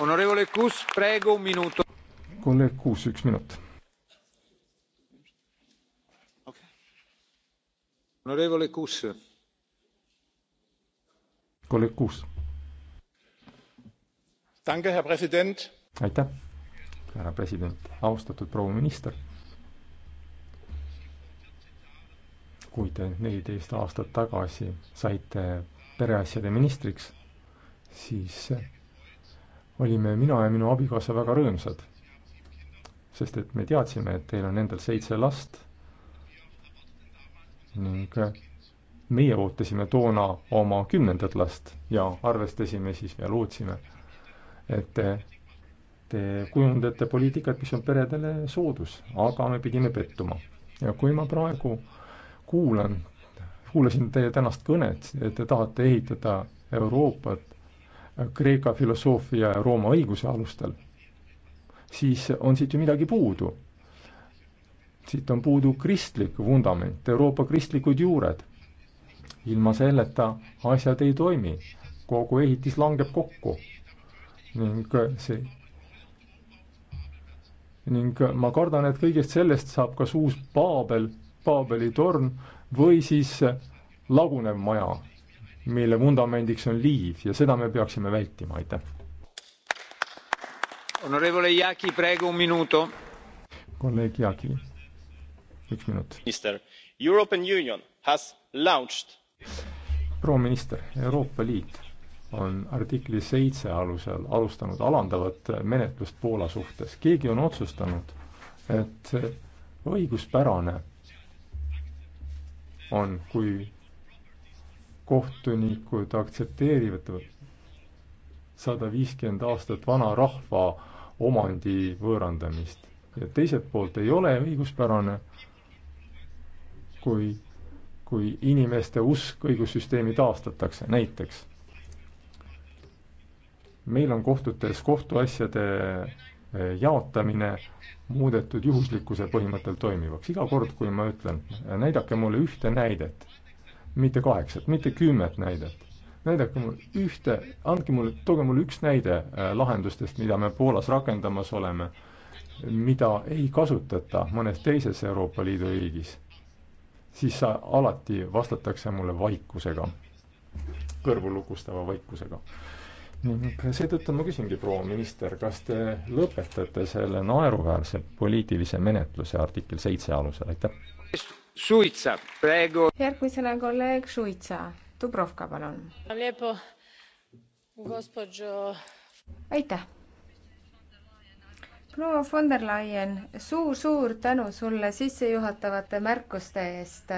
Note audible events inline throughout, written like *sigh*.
kolleeg Kuus, üks minut. kolleeg Kuus. aitäh, härra president, austatud proua minister. kui te neliteist aastat tagasi saite pereasjade ministriks, siis olime mina ja minu abikaasa väga rõõmsad, sest et me teadsime, et teil on endal seitse last ning meie ootasime toona oma kümnendat last ja arvestasime siis ja lootsime, et te, te kujundate poliitikat, mis on peredele soodus, aga me pidime pettuma. ja kui ma praegu kuulan, kuulasin teie tänast kõnet, et te tahate ehitada Euroopat Kreeka filosoofia ja Rooma õiguse alustel, siis on siit ju midagi puudu. siit on puudu kristlik vundament, Euroopa kristlikud juured. ilma selleta asjad ei toimi, kogu ehitis langeb kokku ning see ning ma kardan, et kõigest sellest saab kas uus Paabel, Paabeli torn või siis lagunev maja, mille vundamendiks on liiv ja seda me peaksime vältima, aitäh. kolleeg Jaki, üks minut. proua minister, Euroopa Liit on artikli seitse alusel alustanud alandavat menetlust Poola suhtes. keegi on otsustanud, et õiguspärane on, kui kohtunikud aktsepteerivad sada viiskümmend aastat vana rahva omandi võõrandamist. ja teiselt poolt ei ole õiguspärane, kui, kui inimeste usk õigussüsteemi taastatakse, näiteks. meil on kohtutes kohtuasjade eh, jaotamine muudetud juhuslikkuse põhimõttel toimivaks. iga kord, kui ma ütlen, näidake mulle ühte näidet mitte kaheksat, mitte kümmet näidet. näidake mulle ühte, andke mulle, tooge mulle üks näide äh, lahendustest, mida me Poolas rakendamas oleme, mida ei kasutata mõnes teises Euroopa Liidu riigis, siis sa alati vastatakse mulle vaikusega, kõrvulukustava vaikusega ning seetõttu ma küsingi, proua minister, kas te lõpetate selle naeruväärse poliitilise menetluse artikkel seitse alusel, aitäh? Suitsa, praegu. järgmisena kolleeg Suitsa. Dubrovka, palun. aitäh. proua von der Leyen suur,, suur-suur tänu sulle sissejuhatavate märkuste eest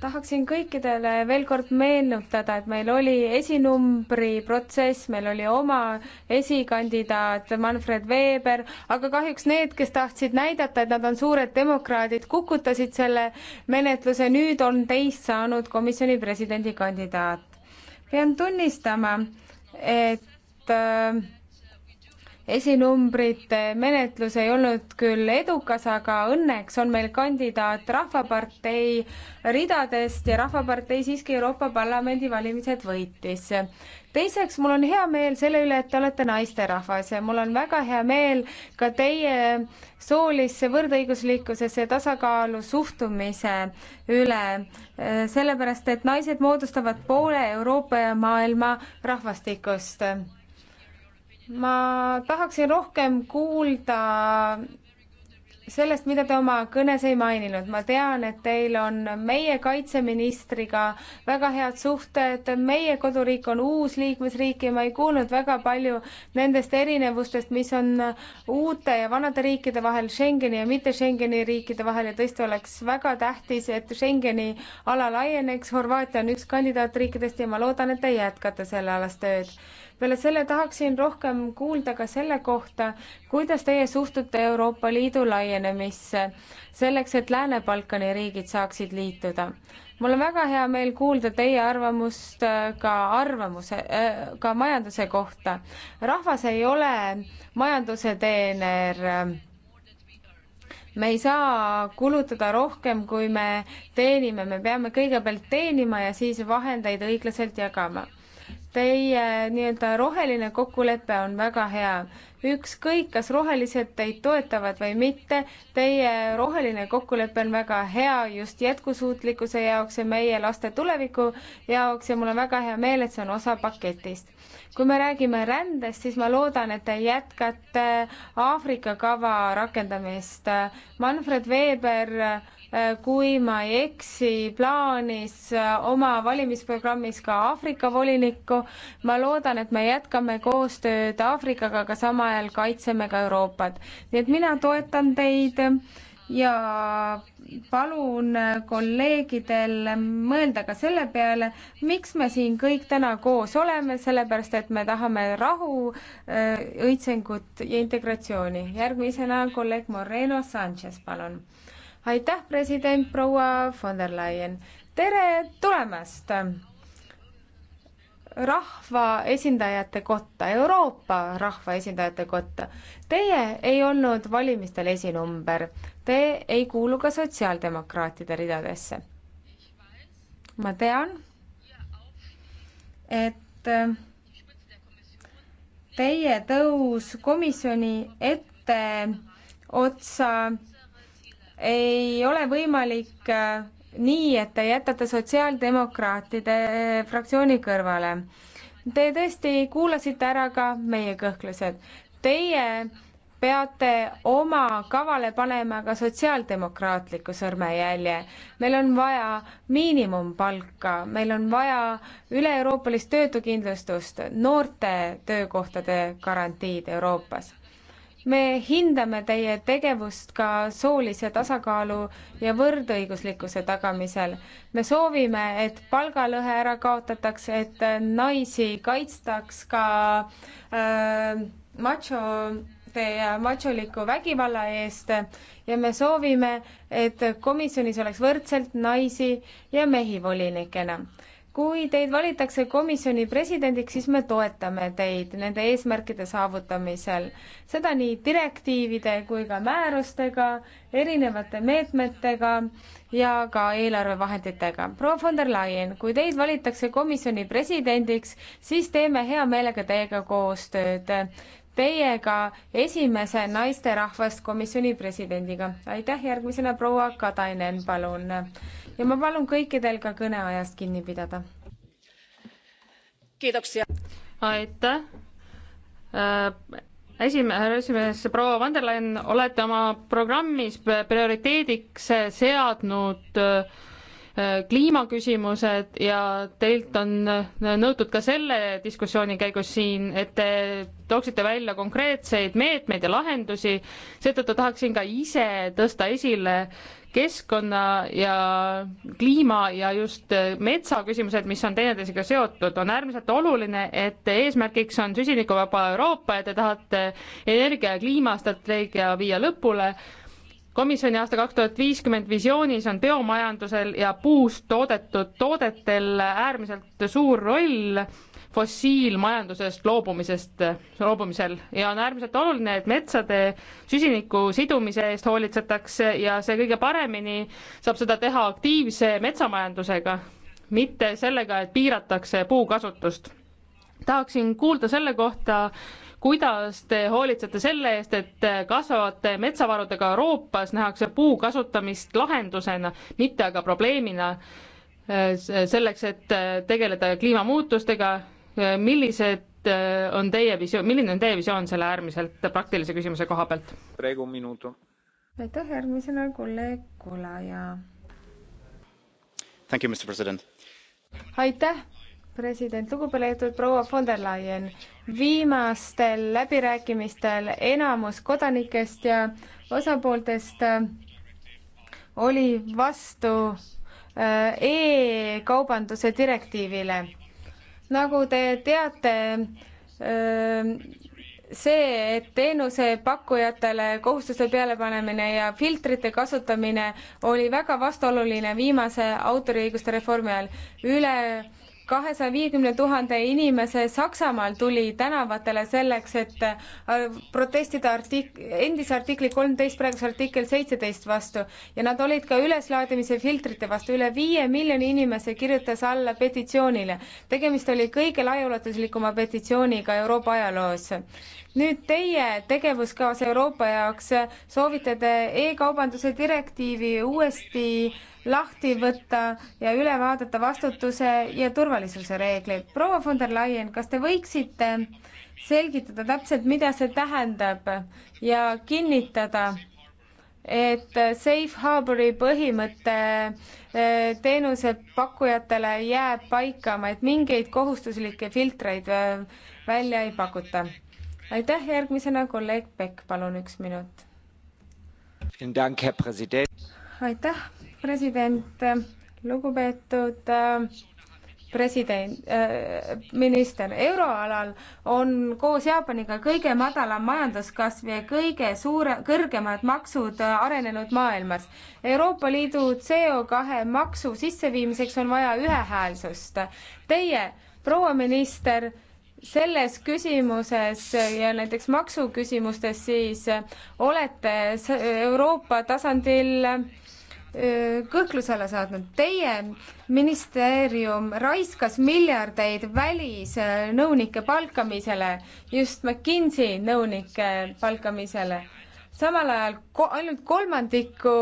tahaksin kõikidele veel kord meenutada, et meil oli esinumbri protsess, meil oli oma esikandidaat Manfred Weber, aga kahjuks need, kes tahtsid näidata, et nad on suured demokraadid, kukutasid selle menetluse, nüüd on teist saanud komisjoni presidendikandidaat. pean tunnistama, et äh, esinumbrite menetlus ei olnud küll edukas, aga õnneks on meil kandidaat Rahvapartei ridadest ja Rahvapartei siiski Euroopa Parlamendi valimised võitis. teiseks, mul on hea meel selle üle, et te olete naisterahvas ja mul on väga hea meel ka teie soolisse võrdõiguslikkusesse ja tasakaalu suhtumise üle, sellepärast et naised moodustavad poole Euroopa ja maailma rahvastikust ma tahaksin rohkem kuulda sellest, mida te oma kõnes ei maininud, ma tean, et teil on meie kaitseministriga väga head suhted, meie koduriik on uus liikmesriik ja ma ei kuulnud väga palju nendest erinevustest, mis on uute ja vanade riikide vahel, Schengeni ja mitte Schengeni riikide vahel ja tõesti oleks väga tähtis, et Schengeni ala laieneks, Horvaatia on üks kandidaatriikidest ja ma loodan, et te jätkate sellealast tööd peale selle tahaksin rohkem kuulda ka selle kohta, kuidas teie suhtute Euroopa Liidu laienemisse, selleks et Lääne-Balkani riigid saaksid liituda. mul on väga hea meel kuulda teie arvamust äh, ka arvamuse, äh, ka majanduse kohta. rahvas ei ole majanduse teener me ei saa kulutada rohkem, kui me teenime, me peame kõigepealt teenima ja siis vahendeid õiglaselt jagama. Teie nii-öelda roheline kokkulepe on väga hea. ükskõik, kas rohelised teid toetavad või mitte, teie roheline kokkulepe on väga hea just jätkusuutlikkuse jaoks ja meie laste tuleviku jaoks ja mul on väga hea meel, et see on osa paketist. kui me räägime rändest, siis ma loodan, et te jätkate Aafrika kava rakendamist. Manfred Weber Äh, kui ma ei eksi, plaanis äh, oma valimisprogrammis ka Aafrika volinikku. ma loodan, et me jätkame koostööd Aafrikaga, aga samal ajal kaitseme ka Euroopat. nii et mina toetan teid ja palun äh, kolleegidel mõelda ka selle peale, miks me siin kõik täna koos oleme, sellepärast et me tahame rahu, õitsengut ja integratsiooni. järgmisena kolleeg Moreno Sanchez, palun aitäh, president proua von der Leyen. tere tulemast rahvaesindajate kotta, Euroopa rahvaesindajate kotta. Teie ei olnud valimistel esinumber, te ei kuulu ka sotsiaaldemokraatide ridadesse. ma tean, et teie tõus komisjoni etteotsa ei ole võimalik äh, nii, et te jätate sotsiaaldemokraatide äh, fraktsiooni kõrvale. Te tõesti kuulasite ära ka meie kõhklused. Teie peate oma kavale panema ka sotsiaaldemokraatliku sõrmejälje. meil on vaja miinimumpalka, meil on vaja üle-euroopalist töötukindlustust, noorte töökohtade garantiid Euroopas me hindame teie tegevust ka soolise tasakaalu ja võrdõiguslikkuse tagamisel. me soovime, et palgalõhe ära kaotataks, et naisi kaitstaks ka äh, machode ja macholiku vägivalla eest ja me soovime, et komisjonis oleks võrdselt naisi ja mehi volinikena kui teid valitakse komisjoni presidendiks, siis me toetame teid nende eesmärkide saavutamisel. seda nii direktiivide kui ka määrustega, erinevate meetmetega ja ka eelarvevahenditega. proua von der Leyen, kui teid valitakse komisjoni presidendiks, siis teeme hea meelega teiega koostööd. Teiega esimese naisterahvast komisjoni presidendiga. aitäh, järgmisena proua Katainen, palun ja ma palun kõikidel ka kõneajast kinni pidada. aitäh äh, esimehe, härra esimees, proua von der Leyen, olete oma programmis prioriteediks seadnud äh, kliimaküsimused ja teilt on äh, nõutud ka selle diskussiooni käigus siin, et te tooksite välja konkreetseid meetmeid ja lahendusi, seetõttu tahaksin ka ise tõsta esile keskkonna ja kliima ja just metsaküsimused, mis on teineteisega seotud, on äärmiselt oluline, et eesmärgiks on süsinikuvaba Euroopa ja te tahate energia ja kliimastrateegia viia lõpule komisjoni aasta kaks tuhat viiskümmend visioonis on biomajandusel ja puust toodetud toodetel äärmiselt suur roll fossiilmajandusest loobumisest, loobumisel ja on äärmiselt oluline, et metsade süsiniku sidumise eest hoolitsetakse ja see kõige paremini saab seda teha aktiivse metsamajandusega, mitte sellega, et piiratakse puukasutust. tahaksin kuulda selle kohta, kuidas te hoolitsete selle eest, et kasvavate metsavarudega Euroopas nähakse puu kasutamist lahendusena, mitte aga probleemina, selleks, et tegeleda kliimamuutustega, millised äh, on teie visioon, milline on teie visioon selle äärmiselt praktilise küsimuse koha pealt? praegu minutu. aitäh, järgmisena kolleeg Kula ja. aitäh president, lugupeetud proua von der Leyen, viimastel läbirääkimistel enamus kodanikest ja osapooltest äh, oli vastu äh, e-kaubanduse direktiivile. nagu te teate, äh, see, et teenusepakkujatele kohustuste pealepanemine ja filtrite kasutamine oli väga vastuoluline viimase autoriõiguste reformi ajal. üle kahesaja viiekümne tuhande inimese Saksamaal tuli tänavatele selleks, et äh, protestida artik-, endise artikli kolmteist, praeguse artikkel seitseteist vastu ja nad olid ka üleslaadimise filtrite vastu. üle viie miljoni inimese kirjutas alla petitsioonile. tegemist oli kõige laiaulatuslikuma petitsiooniga Euroopa ajaloos nüüd teie tegevuskavas Euroopa jaoks soovite te e-kaubanduse direktiivi uuesti lahti võtta ja üle vaadata vastutuse ja turvalisuse reeglid. proua von der Leyen, kas te võiksite selgitada täpselt, mida see tähendab ja kinnitada, et safe harbori põhimõte e, teenusepakkujatele jääb paikama, et mingeid kohustuslikke filtreid e, välja ei pakuta aitäh, järgmisena kolleeg Beck, palun üks minut. aitäh, president, lugupeetud äh, president äh,, minister, euroalal on koos Jaapaniga kõige madalam majanduskasv ja kõige suure, kõrgemad maksud äh, arenenud maailmas. Euroopa Liidu CO kahe maksu sisseviimiseks on vaja ühehäälsust. Teie, proua minister selles küsimuses ja näiteks maksuküsimustes siis olete Euroopa tasandil kõhkluse alla saatnud. Teie ministeerium raiskas miljardeid välisnõunike palkamisele, just McKinsey nõunike palkamisele samal ajal ko-, ainult kolmandiku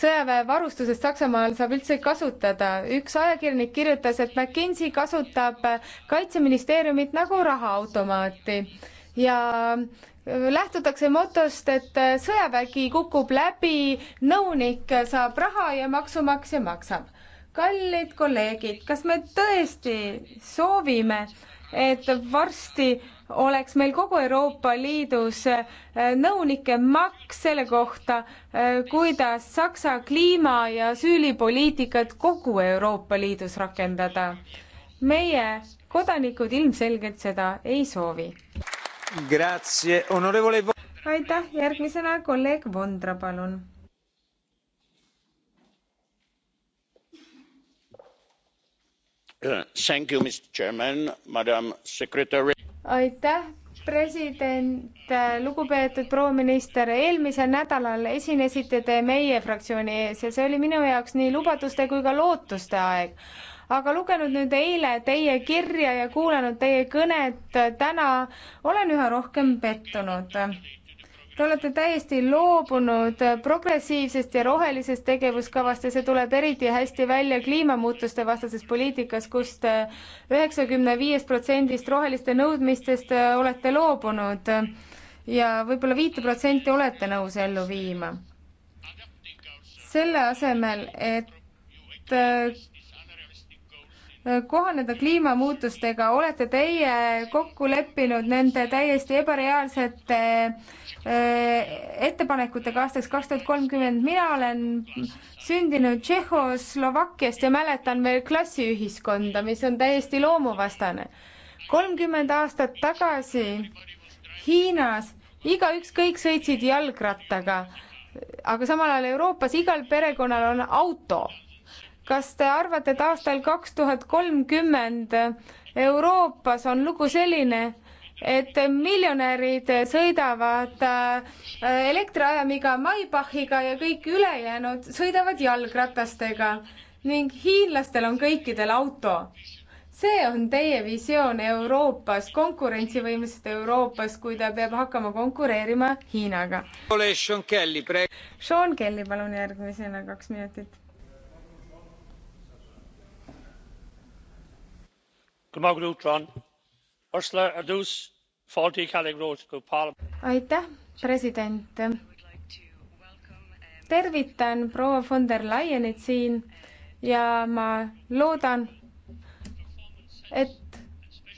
sõjaväevarustusest Saksamaal saab üldse kasutada. üks ajakirjanik kirjutas, et McKinsey kasutab kaitseministeeriumit nagu rahaautomaati ja lähtutakse motost, et sõjavägi kukub läbi, nõunik saab raha ja maksumaksja maksab. kallid kolleegid, kas me tõesti soovime, et varsti oleks meil kogu Euroopa Liidus äh, nõunike maks selle kohta, äh, kuidas Saksa kliima- ja süülipoliitikat kogu Euroopa Liidus rakendada. meie kodanikud ilmselgelt seda ei soovi. aitäh, järgmisena kolleeg Vondra, palun. Uh, thank you, Mr Chairman, Madam Secretary aitäh, president, lugupeetud proua minister, eelmisel nädalal esinesite te meie fraktsiooni ees ja see oli minu jaoks nii lubaduste kui ka lootuste aeg. aga lugenud nüüd eile teie kirja ja kuulanud teie kõnet täna, olen üha rohkem pettunud Te olete täiesti loobunud progressiivsest ja rohelisest tegevuskavast ja see tuleb eriti hästi välja kliimamuutuste vastases poliitikas kus, kust üheksakümne viiest protsendist roheliste nõudmistest olete loobunud ja võib-olla viite protsenti olete nõus ellu viima. selle asemel, et äh, kohaneda kliimamuutustega, olete teie kokku leppinud nende täiesti ebareaalsete Äh, ettepanekutega aastaks kaks tuhat kolmkümmend. mina olen sündinud Tšehhoslovakkiast ja mäletan veel klassiühiskonda, mis on täiesti loomuvastane. kolmkümmend aastat tagasi Hiinas igaüks kõik sõitsid jalgrattaga, aga samal ajal Euroopas igal perekonnal on auto. kas te arvate, et aastal kaks tuhat kolmkümmend Euroopas on lugu selline, et miljonärid sõidavad äh, elektriajamiga Maybachiga ja kõik ülejäänud sõidavad jalgratastega ning hiinlastel on kõikidel auto. see on teie visioon Euroopas, konkurentsivõimelisest Euroopas, kui ta peab hakkama konkureerima Hiinaga. Sean Kelly, palun järgmisena kaks minutit. Good morning, John aitäh, president. tervitan proua von der Leyenit siin ja ma loodan, et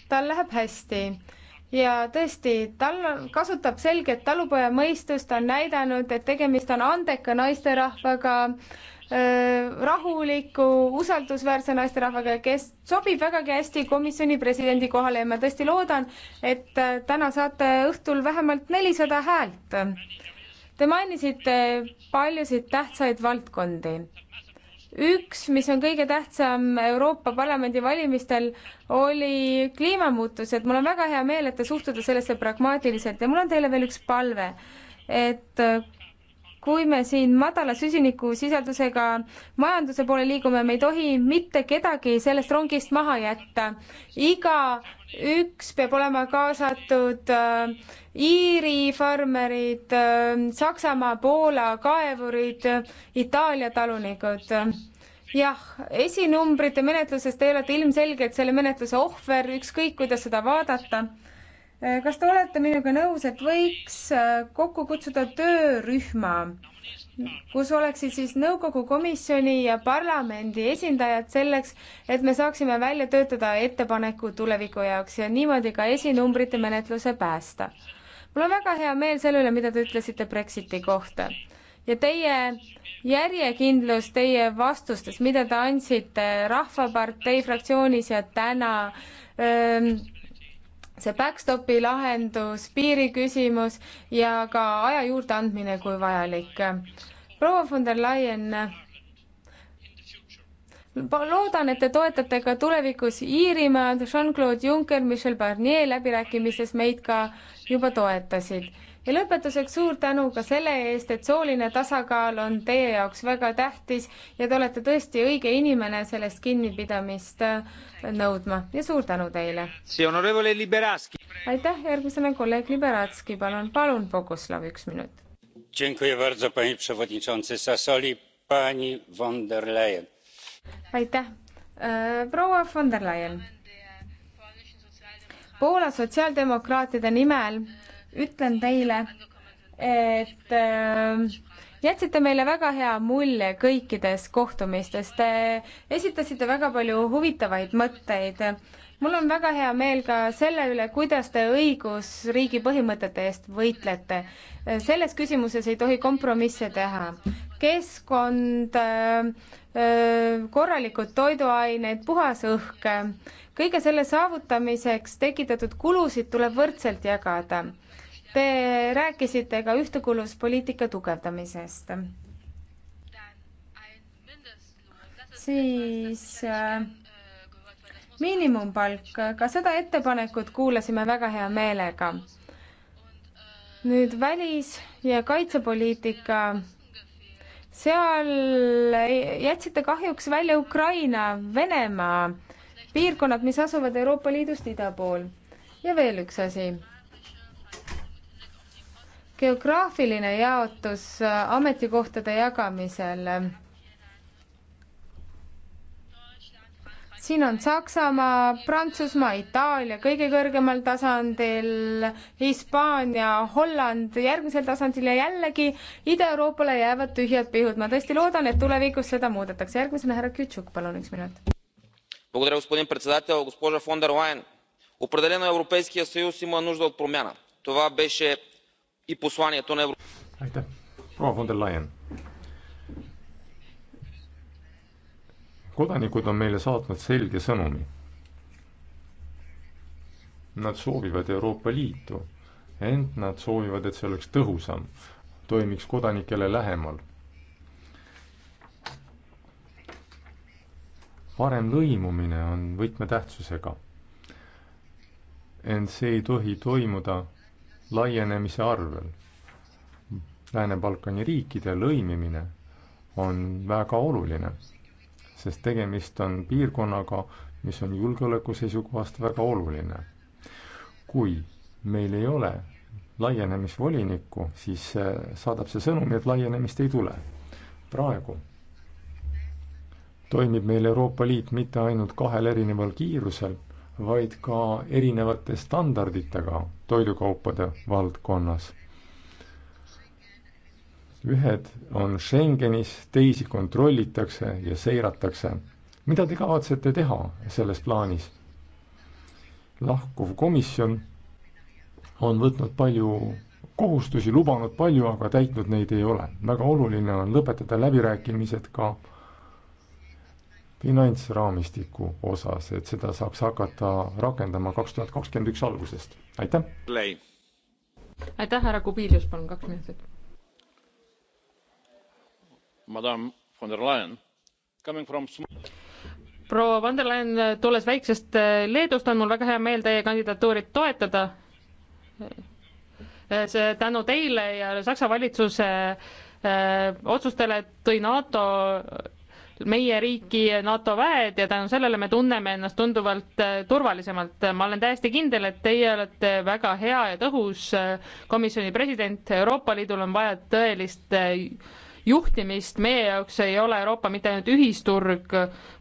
tal läheb hästi ja tõesti, tal kasutab selget talupojamõistust, ta on näidanud, et tegemist on andeka naisterahvaga, Äh, rahuliku, usaldusväärse naisterahvaga, kes sobib vägagi hästi komisjoni presidendi kohale ja ma tõesti loodan, et äh, täna saate õhtul vähemalt nelisada häält. Te mainisite paljusid tähtsaid valdkondi. üks, mis on kõige tähtsam Euroopa Parlamendi valimistel, oli kliimamuutused. mul on väga hea meel, et te suhtute sellesse pragmaatiliselt ja mul on teile veel üks palve, et äh, kui me siin madala süsinikusisaldusega majanduse poole liigume, me ei tohi mitte kedagi sellest rongist maha jätta. igaüks peab olema kaasatud äh,, Iiri farmerid äh,, Saksamaa, Poola kaevurid, Itaalia talunikud jah, esinumbrite menetlusest te olete ilmselgelt selle menetluse ohver, ükskõik kuidas seda vaadata Äh, kas te olete minuga nõus, et võiks äh, kokku kutsuda töörühma, kus oleksid siis nõukogu komisjoni ja parlamendi esindajad selleks, et me saaksime välja töötada ettepaneku tuleviku jaoks ja niimoodi ka esinumbrite menetluse päästa. mul on väga hea meel selle üle, mida te ütlesite Brexiti kohta ja teie järjekindlus teie vastustes, mida te andsite Rahvapartei fraktsioonis ja täna öö, ähm, see backstopi lahendus, piiriküsimus ja ka aja juurdeandmine, kui vajalik. proua von der Leyen, ma loodan, et te toetate ka tulevikus Iirimaad, Jean-Claude Juncker, Michel Barnier läbirääkimistes meid ka juba toetasid ja lõpetuseks suur tänu ka selle eest, et sooline tasakaal on teie jaoks väga tähtis ja te olete tõesti õige inimene sellest kinnipidamist äh, nõudma ja suur tänu teile. aitäh, järgmisena kolleeg Liberatski, palun, palun, Boguslav, üks minut. aitäh, äh, proua von der Leyen. Poola sotsiaaldemokraatide nimel ütlen teile, et äh, jätsite meile väga hea mulje kõikides kohtumistes, te esitasite väga palju huvitavaid mõtteid. mul on väga hea meel ka selle üle, kuidas te õigusriigi põhimõtete eest võitlete. selles küsimuses ei tohi kompromisse teha. keskkond, äh, äh, korralikud toiduained, puhas õhk, kõige selle saavutamiseks tekitatud kulusid tuleb võrdselt jagada Te rääkisite ka ühtekuuluvuspoliitika tugevdamisest. siis äh, miinimumpalk, ka seda ettepanekut kuulasime väga hea meelega. nüüd välis- ja kaitsepoliitika, seal jätsite kahjuks välja Ukraina, Venemaa, piirkonnad, mis asuvad Euroopa Liidust ida pool. ja veel üks asi geograafiline jaotus äh, ametikohtade jagamisel. siin on Saksamaa, Prantsusmaa, Itaalia kõige kõrgemal tasandil, Hispaania, Holland järgmisel tasandil ja jällegi Ida-Euroopale jäävad tühjad pihud. ma tõesti loodan, et tulevikus seda muudetakse. järgmisena härra Kütšuk, palun üks minut. господин председател, госпожа von der Leyen, определено Европейския съюз има нужда от промяна. това беше aitäh, proua von der Leyen. kodanikud on meile saatnud selge sõnumi. Nad soovivad Euroopa Liitu, ent nad soovivad, et see oleks tõhusam, toimiks kodanikele lähemal. parem lõimumine on võtmetähtsusega. ent see ei tohi toimuda laienemise arvel. Lääne-Balkani riikide lõimimine on väga oluline, sest tegemist on piirkonnaga, mis on julgeoleku seisukohast väga oluline. kui meil ei ole laienemisvolinikku, siis eh, saadab see sõnumi, et laienemist ei tule. praegu toimib meil Euroopa Liit mitte ainult kahel erineval kiirusel vaid ka erinevate standarditega toidukaupade valdkonnas. ühed on Schengenis, teisi kontrollitakse ja seiratakse. mida te kavatsete teha selles plaanis? lahkuv komisjon on võtnud palju kohustusi, lubanud palju, aga täitnud neid ei ole. väga oluline on lõpetada läbirääkimised ka finantsraamistiku osas, et seda saaks hakata rakendama kaks tuhat kakskümmend üks algusest. aitäh! aitäh, härra Kubilius, palun kaks minutit. Madame von der Leyen, coming from proua von der Leyen, tulles väiksest eh, Leedust, on mul väga hea meel teie kandidatuuri toetada. Eh, see tänu teile ja Saksa valitsuse öö, eh, otsustele tõi NATO meie riiki NATO väed ja tänu sellele me tunneme ennast tunduvalt äh, turvalisemalt. ma olen täiesti kindel, et teie olete väga hea ja tõhus äh, komisjoni president, Euroopa Liidul on vaja tõelist äh, juhtimist, meie jaoks ei ole Euroopa mitte ainult ühisturg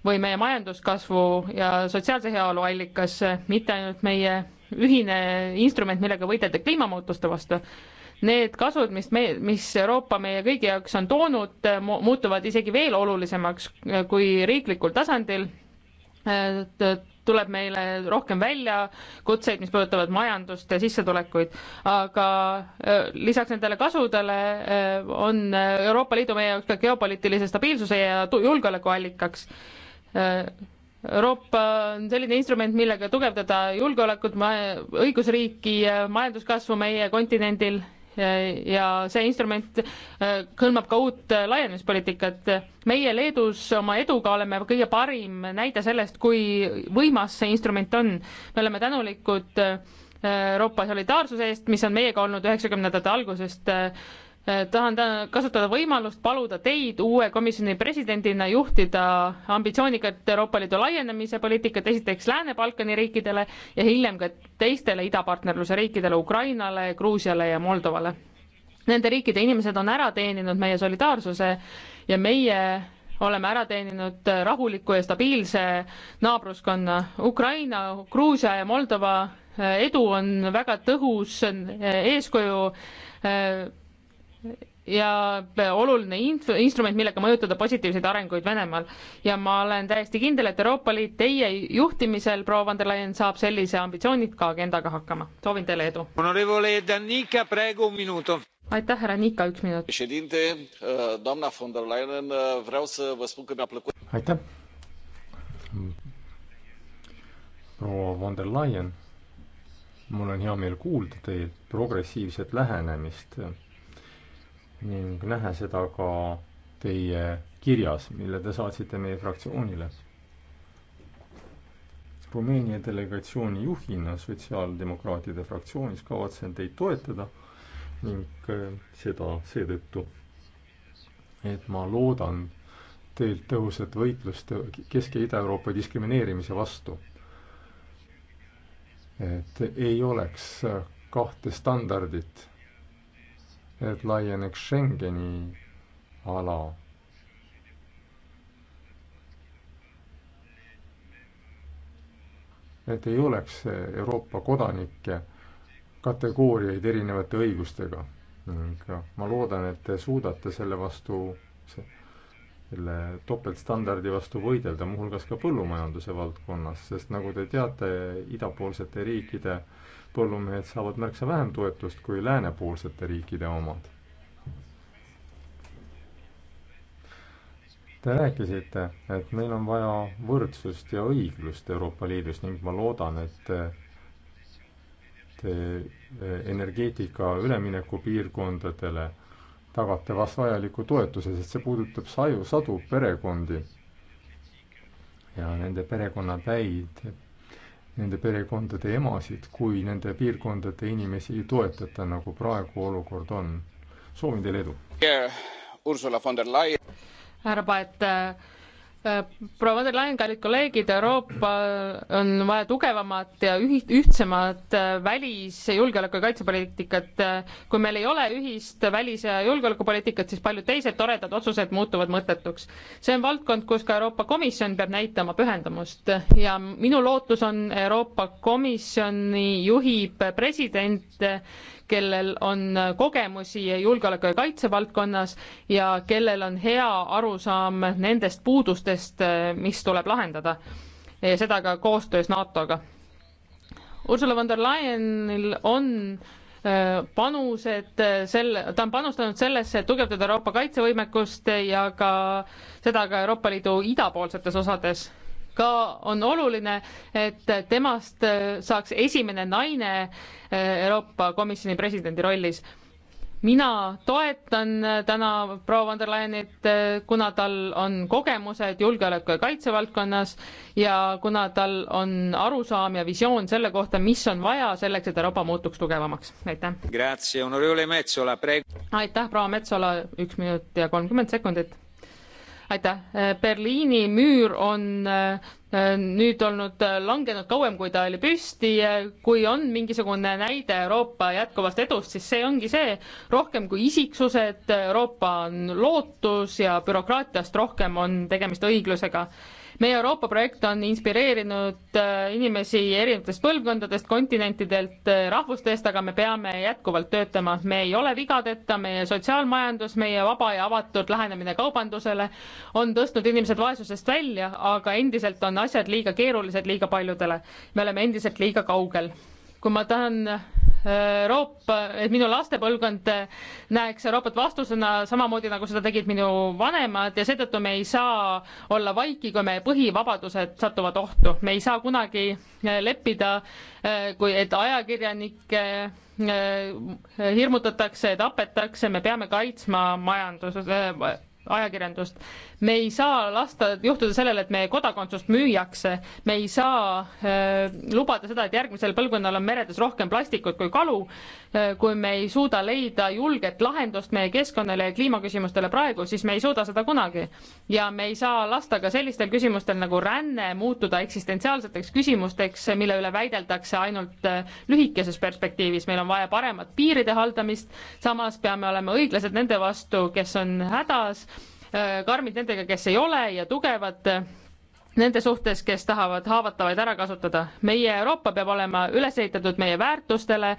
või meie majanduskasvu ja sotsiaalse heaolu allikas, mitte ainult meie ühine instrument, millega võidelda kliimamuutuste vastu need kasud, mis me, mis Euroopa meie kõigi jaoks on toonud, muutuvad isegi veel olulisemaks kui riiklikul tasandil. tuleb meile rohkem väljakutseid, mis puudutavad majandust ja sissetulekuid, aga e, lisaks nendele kasudele e, on Euroopa Liidu meie jaoks ka geopoliitilise stabiilsuse ja julgeolekuallikaks e, Euroopa on selline instrument, millega tugevdada julgeolekut, õigusriiki, majanduskasvu meie kontinendil ja see instrument äh, hõlmab ka uut äh, laienemispoliitikat. meie Leedus oma eduga oleme kõige parim näide sellest, kui võimas see instrument on. me oleme tänulikud äh, Euroopa solidaarsuse eest, mis on meiega olnud üheksakümnendate algusest Eh, tahan ta kasutada võimalust paluda teid uue komisjoni presidendina juhtida ambitsioonikat Euroopa Liidu laienemise poliitikat esiteks Lääne-Balkani riikidele ja hiljem ka teistele idapartnerluse riikidele Ukrainale, Gruusiale ja Moldovale. Nende riikide inimesed on ära teeninud meie solidaarsuse ja meie oleme ära teeninud rahuliku ja stabiilse naabruskonna. Ukraina, Gruusia ja Moldova eh, edu on väga tõhus eh, eeskuju ja oluline inf-, instrument, millega mõjutada positiivseid arenguid Venemaal. ja ma olen täiesti kindel, et Euroopa Liit teie juhtimisel, proua von der Leyen, saab sellise ambitsioonika agendaga hakkama. soovin teile edu. aitäh, härra Nika, üks minut. aitäh. proua von der Leyen, mul on hea meel kuulda teilt progressiivset lähenemist ning nähe seda ka teie kirjas, mille te saatsite meie fraktsioonile. Rumeenia delegatsiooni juhina Sotsiaaldemokraatide fraktsioonis kavatsen teid toetada ning äh, seda seetõttu, et ma loodan teilt tõhusat võitlust Kesk- ja Ida-Euroopa diskrimineerimise vastu. et ei oleks kahte standardit et laieneks Schengeni ala. et ei oleks Euroopa kodanike kategooriaid erinevate õigustega ning ma loodan, et te suudate selle vastu, selle topeltstandardi vastu võidelda, muuhulgas ka põllumajanduse valdkonnas, sest nagu te teate, idapoolsete riikide äh, põllumehed saavad märksa vähem toetust kui läänepoolsete riikide omad. Te rääkisite, et meil on vaja võrdsust ja õiglust Euroopa Liidus ning ma loodan, et te eh, energeetika ülemineku piirkondadele tagate vast vajaliku toetuse, sest see puudutab saju, sadu perekondi ja nende perekonnapäid nende perekondade emasid, kui nende piirkondade inimesi ei toetata, nagu praegu olukord on. soovin teile edu! härra Paet, proua von der Leyen, kallid kolleegid, Euroopa on vaja tugevamat ja üht-, ühtsemat äh, välis-, julgeoleku- ja kaitsepoliitikat. kui meil ei ole ühist välis- ja julgeolekupoliitikat, siis paljud teised toredad otsused muutuvad mõttetuks. see on valdkond, kus ka Euroopa Komisjon peab näitama pühendumust ja minu lootus on Euroopa Komisjoni juhib president, kellel on kogemusi julgeoleku ja kaitse valdkonnas ja kellel on hea arusaam nendest puudustest, mis tuleb lahendada. seda ka koostöös NATO-ga. Ursula von der Leyenil on äh, panused äh, selle, ta on panustanud sellesse, et tugevdada Euroopa kaitsevõimekust ja ka seda ka Euroopa Liidu idapoolsetes osades ka on oluline, et temast saaks esimene naine eh, Euroopa Komisjoni presidendi rollis. mina toetan eh, täna proua von der Leyenit, eh, kuna tal on kogemused julgeoleku ja kaitse valdkonnas ja kuna tal on arusaam ja visioon selle kohta, mis on vaja selleks, et Euroopa muutuks tugevamaks. aitäh. aitäh, proua Metsola, üks minut ja kolmkümmend sekundit aitäh, äh, Berliini müür on äh, äh, nüüd olnud langenud kauem, kui ta oli püsti. kui on mingisugune näide Euroopa jätkuvast edust, siis see ongi see, rohkem kui isiksused, Euroopa on lootus ja bürokraatiast rohkem on tegemist õiglusega meie Euroopa projekt on inspireerinud äh, inimesi erinevatest põlvkondadest, kontinentidelt, äh, rahvustest, aga me peame jätkuvalt töötama. me ei ole vigadeta, meie sotsiaalmajandus, meie vaba ja avatud lähenemine kaubandusele on tõstnud inimesed vaesusest välja, aga endiselt on asjad liiga keerulised liiga paljudele. me oleme endiselt liiga kaugel. kui ma tahan Euroopa, et minu lastepõlvkond näeks Euroopat vastusena samamoodi, nagu seda tegid minu vanemad ja seetõttu me ei saa olla vaiki, kui meie põhivabadused satuvad ohtu. me ei saa kunagi eh, leppida, eh, kui, et ajakirjanikke eh, hirmutatakse, tapetakse, me peame kaitsma majandus, ajakirjandust me ei saa lasta juhtuda sellele, et meie kodakondsust müüakse, me ei saa äh, lubada seda, et järgmisel põlvkonnal on meredes rohkem plastikut kui kalu äh,. kui me ei suuda leida julget lahendust meie keskkonnale ja kliimaküsimustele praegu, siis me ei suuda seda kunagi. ja me ei saa lasta ka sellistel küsimustel nagu ränne muutuda eksistentsiaalseteks küsimusteks, mille üle väideldakse ainult äh, lühikeses perspektiivis, meil on vaja paremat piiride haldamist, samas peame olema õiglased nende vastu, kes on hädas Äh, karmid nendega, kes ei ole ja tugevad nende suhtes, kes tahavad haavatavaid ära kasutada. meie Euroopa peab olema üles ehitatud meie väärtustele,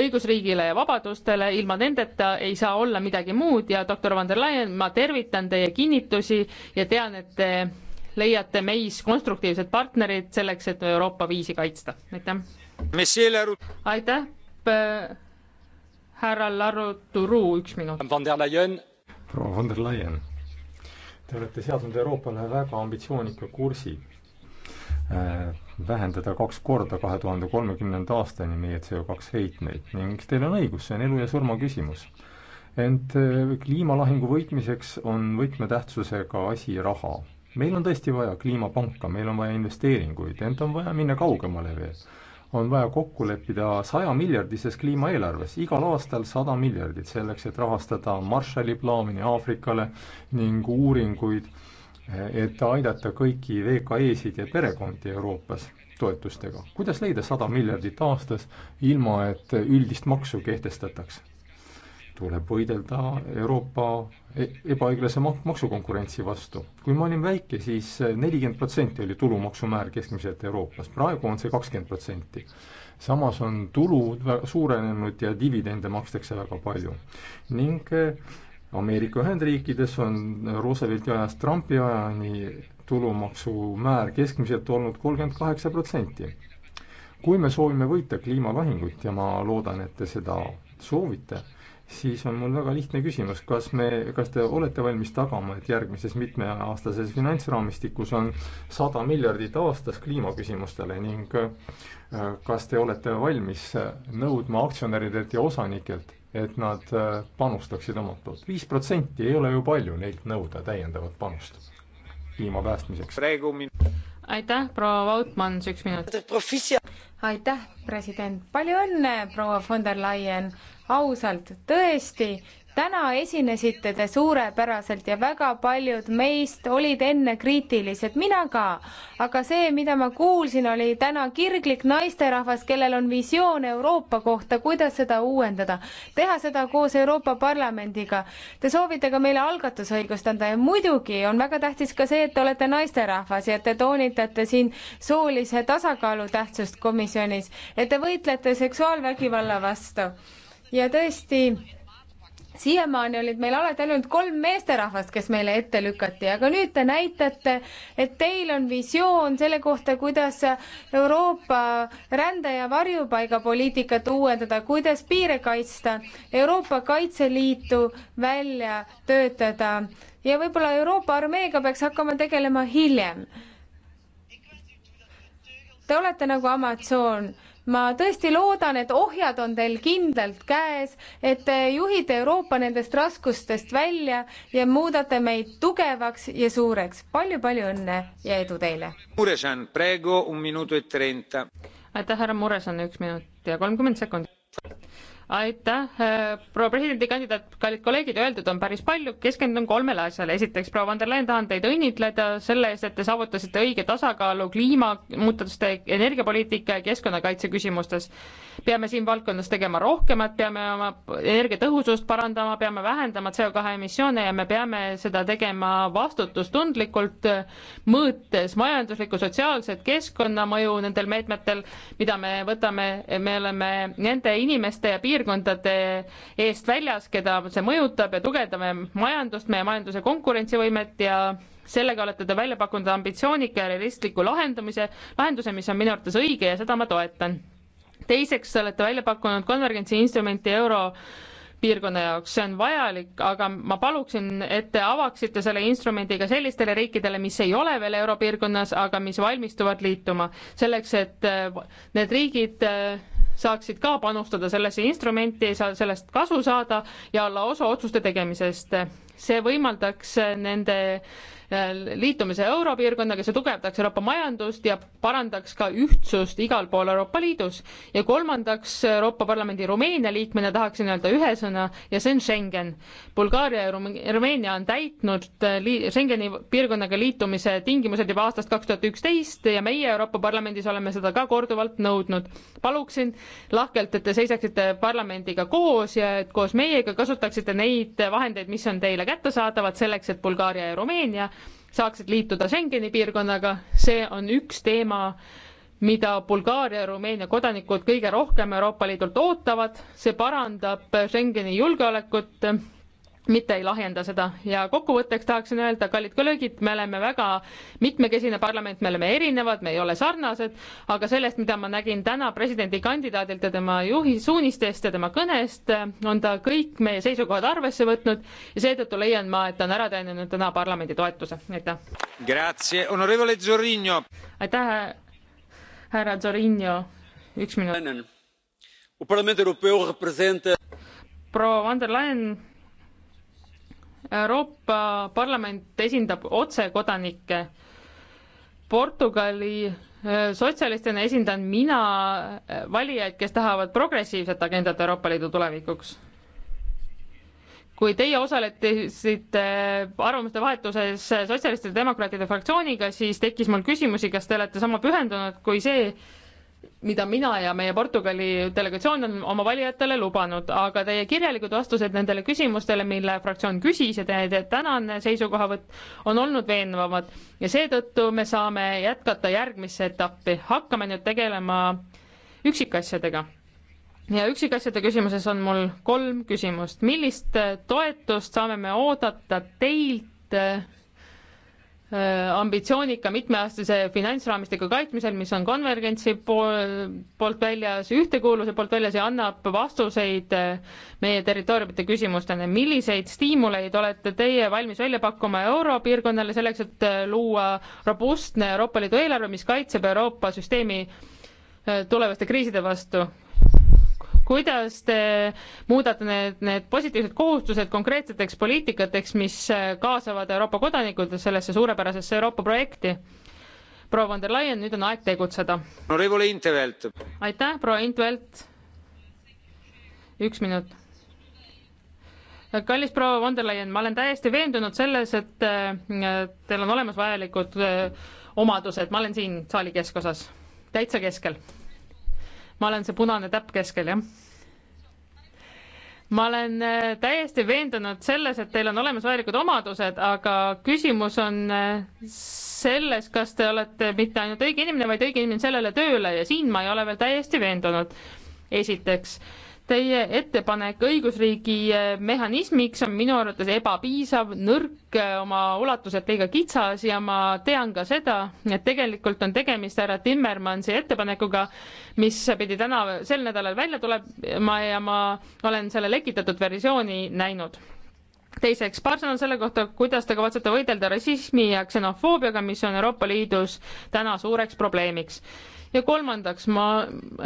õigusriigile ja vabadustele, ilma nendeta ei saa olla midagi muud ja doktor van der Leyen, ma tervitan teie kinnitusi ja tean, et te leiate meis konstruktiivsed partnerid selleks, et Euroopa viisi kaitsta. aitäh. aitäh, härra Laruturu, üks minut. proua von der Leyen Te olete seadnud Euroopale väga ambitsioonika kursi eh, vähendada kaks korda kahe tuhande kolmekümnenda aastani meie CO2 heitmeid ning teil on õigus, see on elu ja surma küsimus. ent eh, kliimalahingu võitmiseks on võtmetähtsusega asi raha. meil on tõesti vaja kliimapanka, meil on vaja investeeringuid, ent on vaja minna kaugemale veel on vaja kokku leppida saja miljardises kliimaeelarves, igal aastal sada miljardit, selleks et rahastada Marshalli plaani Aafrikale ning uuringuid, et aidata kõiki VKE-sid ja perekondi Euroopas toetustega. kuidas leida sada miljardit aastas, ilma et üldist maksu kehtestataks? tuleb võidelda Euroopa e-, ebaõiglase maksukonkurentsi vastu. kui ma olin väike, siis nelikümmend protsenti oli tulumaksumäär keskmiselt Euroopas, praegu on see kakskümmend protsenti. samas on tulu suurenenud ja dividende makstakse väga palju. ning eh, Ameerika Ühendriikides on Roosevelti ajast Trumpi ajani tulumaksumäär keskmiselt olnud kolmkümmend kaheksa protsenti. kui me soovime võita kliimalahingut ja ma loodan, et te seda soovite, siis on mul väga lihtne küsimus, kas me, kas te olete valmis tagama, et järgmises mitmeaastases finantsraamistikus on sada miljardit aastas kliimaküsimustele ning äh, kas te olete valmis äh, nõudma aktsionäridelt ja osanikelt, et nad äh, panustaksid omalt poolt? viis protsenti ei ole ju palju neilt nõuda täiendavat panust kliima päästmiseks aitäh, proua Vautmans, üks minut. aitäh, president, palju õnne, proua von der Leyen, ausalt, tõesti, täna esinesite te suurepäraselt ja väga paljud meist olid enne kriitilised, mina ka. aga see, mida ma kuulsin, oli täna kirglik naisterahvas, kellel on visioon Euroopa kohta, kuidas seda uuendada, teha seda koos Euroopa Parlamendiga. Te soovite ka meile algatusõigust anda ja muidugi on väga tähtis ka see, et te olete naisterahvas ja te toonitate siin soolise tasakaalu tähtsust komisjonis, et te võitlete seksuaalvägivalla vastu ja tõesti siiamaani olid meil alati ainult kolm meesterahvast, kes meile ette lükati, aga nüüd te näitate, et teil on visioon selle kohta, kuidas Euroopa rände- ja varjupaigapoliitikat uuendada, kuidas piire kaitsta, Euroopa Kaitseliitu välja töötada ja võib-olla Euroopa armeega peaks hakkama tegelema hiljem. Te olete nagu Amazon ma tõesti loodan, et ohjad on teil kindlalt käes, et te juhite Euroopa nendest raskustest välja ja muudate meid tugevaks ja suureks palju,. palju-palju õnne ja edu teile! E aitäh, härra Muresan, üks minut ja kolmkümmend sekundit aitäh, äh, proua presidendikandidaat, kallid kolleegid, öeldud on päris palju, keskendun kolmele asjale. esiteks, proua von der Leyen, tahan teid õnnitleda selle eest, et te saavutasite õige tasakaalu kliimamuutuste, energiapoliitika ja keskkonnakaitse küsimustes. peame siin valdkonnas tegema rohkemat, peame oma energiatõhusust parandama, peame vähendama CO2 emissioone ja me peame seda tegema vastutustundlikult, mõõtes majanduslikku, sotsiaalset keskkonnamõju nendel meetmetel, mida me võtame, me oleme nende inimeste ja piirkondade piirkondade eest väljas, keda see mõjutab ja tugevdame majandust, meie majanduse konkurentsivõimet ja sellega olete te välja pakkunud ambitsioonika ja realistliku lahendamise, lahenduse, mis on minu arvates õige ja seda ma toetan. teiseks olete välja pakkunud konvergentsi instrumenti euro piirkonna jaoks, see on vajalik, aga ma paluksin, et te avaksite selle instrumendi ka sellistele riikidele, mis ei ole veel europiirkonnas, aga mis valmistuvad liituma, selleks et eh, need riigid eh, saaksid ka panustada sellesse instrumenti, sellest kasu saada ja olla osa otsuste tegemisest. see võimaldaks nende liitumise Europiirkonnaga, see tugevdaks Euroopa majandust ja parandaks ka ühtsust igal pool Euroopa Liidus. ja kolmandaks, Euroopa Parlamendi Rumeenia liikmena tahaksin öelda ühe sõna ja see on Schengen. Bulgaaria ja Rumeenia on täitnud äh, Schengeni piirkonnaga liitumise tingimused juba aastast kaks tuhat üksteist ja meie Euroopa Parlamendis oleme seda ka korduvalt nõudnud. paluksin lahkelt, et te seisaksite parlamendiga koos ja et koos meiega kasutaksite neid vahendeid, mis on teile kättesaadavad selleks, et Bulgaaria ja Rumeenia saaksid liituda Schengeni piirkonnaga, see on üks teema, mida Bulgaaria ja Rumeenia kodanikud kõige rohkem Euroopa Liidult ootavad, see parandab Schengeni julgeolekut mitte ei lahjenda seda ja kokkuvõtteks tahaksin öelda, kallid kolleegid, me oleme väga mitmekesine parlament, me oleme erinevad, me ei ole sarnased, aga sellest, mida ma nägin täna presidendikandidaadilt ja tema juhi suunistest ja tema kõnest, on ta kõik meie seisukohad arvesse võtnud ja seetõttu leian ma, et ta on ära teeninud täna parlamendi toetuse, aitäh. aitäh, härra Zorinio, üks minut. proua von der Leyen Euroopa Parlament esindab otsekodanikke. Portugali eh, sotsialistina esindan mina eh, valijaid, kes tahavad progressiivset agendat Euroopa Liidu tulevikuks. kui teie osalesite arvamuste vahetuses sotsialistide ja demokraatide fraktsiooniga, siis tekkis mul küsimusi, kas te olete sama pühendunud kui see, mida mina ja meie Portugali delegatsioon on oma valijatele lubanud, aga teie kirjalikud vastused nendele küsimustele, mille fraktsioon küsis ja teie tänane seisukohavõtt on olnud veenvamad ja seetõttu me saame jätkata järgmisse etappi, hakkame nüüd tegelema üksikasjadega ja üksikasjade küsimuses on mul kolm küsimust. millist toetust saame me oodata teilt Äh, ambitsioonika mitmeaastase finantsraamistiku kaitsmisel, mis on konvergentsi pool, poolt väljas, ühtekuuluvuse poolt väljas ja annab vastuseid äh, meie territooriumite küsimustele. milliseid stiimuleid olete teie valmis välja pakkuma Europiirkonnale selleks, et äh, luua robustne Euroopa Liidu eelarve, mis kaitseb Euroopa süsteemi tulevaste kriiside vastu? kuidas te muudate need, need positiivsed kohustused konkreetseteks poliitikateks, mis äh, kaasavad Euroopa kodanikud sellesse suurepärasesse Euroopa projekti? proua von der Leyen, nüüd on aeg tegutseda. aitäh, proua Intvelt. üks minut. kallis proua von der Leyen, ma olen täiesti veendunud selles, et äh, teil on olemas vajalikud äh, omadused, ma olen siin saali keskosas, täitsa keskel ma olen see punane täpp keskel, jah ma olen äh, täiesti veendunud selles, et teil on olemas vajalikud omadused, aga küsimus on äh, selles, kas te olete mitte ainult õige inimene, vaid õige inimene sellele tööle ja siin ma ei ole veel täiesti veendunud. esiteks Teie ettepanek õigusriigi eh, mehhanismiks on minu arvates ebapiisav, nõrk, eh, oma ulatuselt liiga kitsas ja ma tean ka seda, et tegelikult on tegemist härra Timmermansi ettepanekuga, mis pidi täna, sel nädalal välja tulema ja ma olen selle lekitatud versiooni näinud teiseks, paar sõna selle kohta, kuidas te kavatsete võidelda rassismi ja ksenofoobiaga, mis on Euroopa Liidus täna suureks probleemiks ja kolmandaks, ma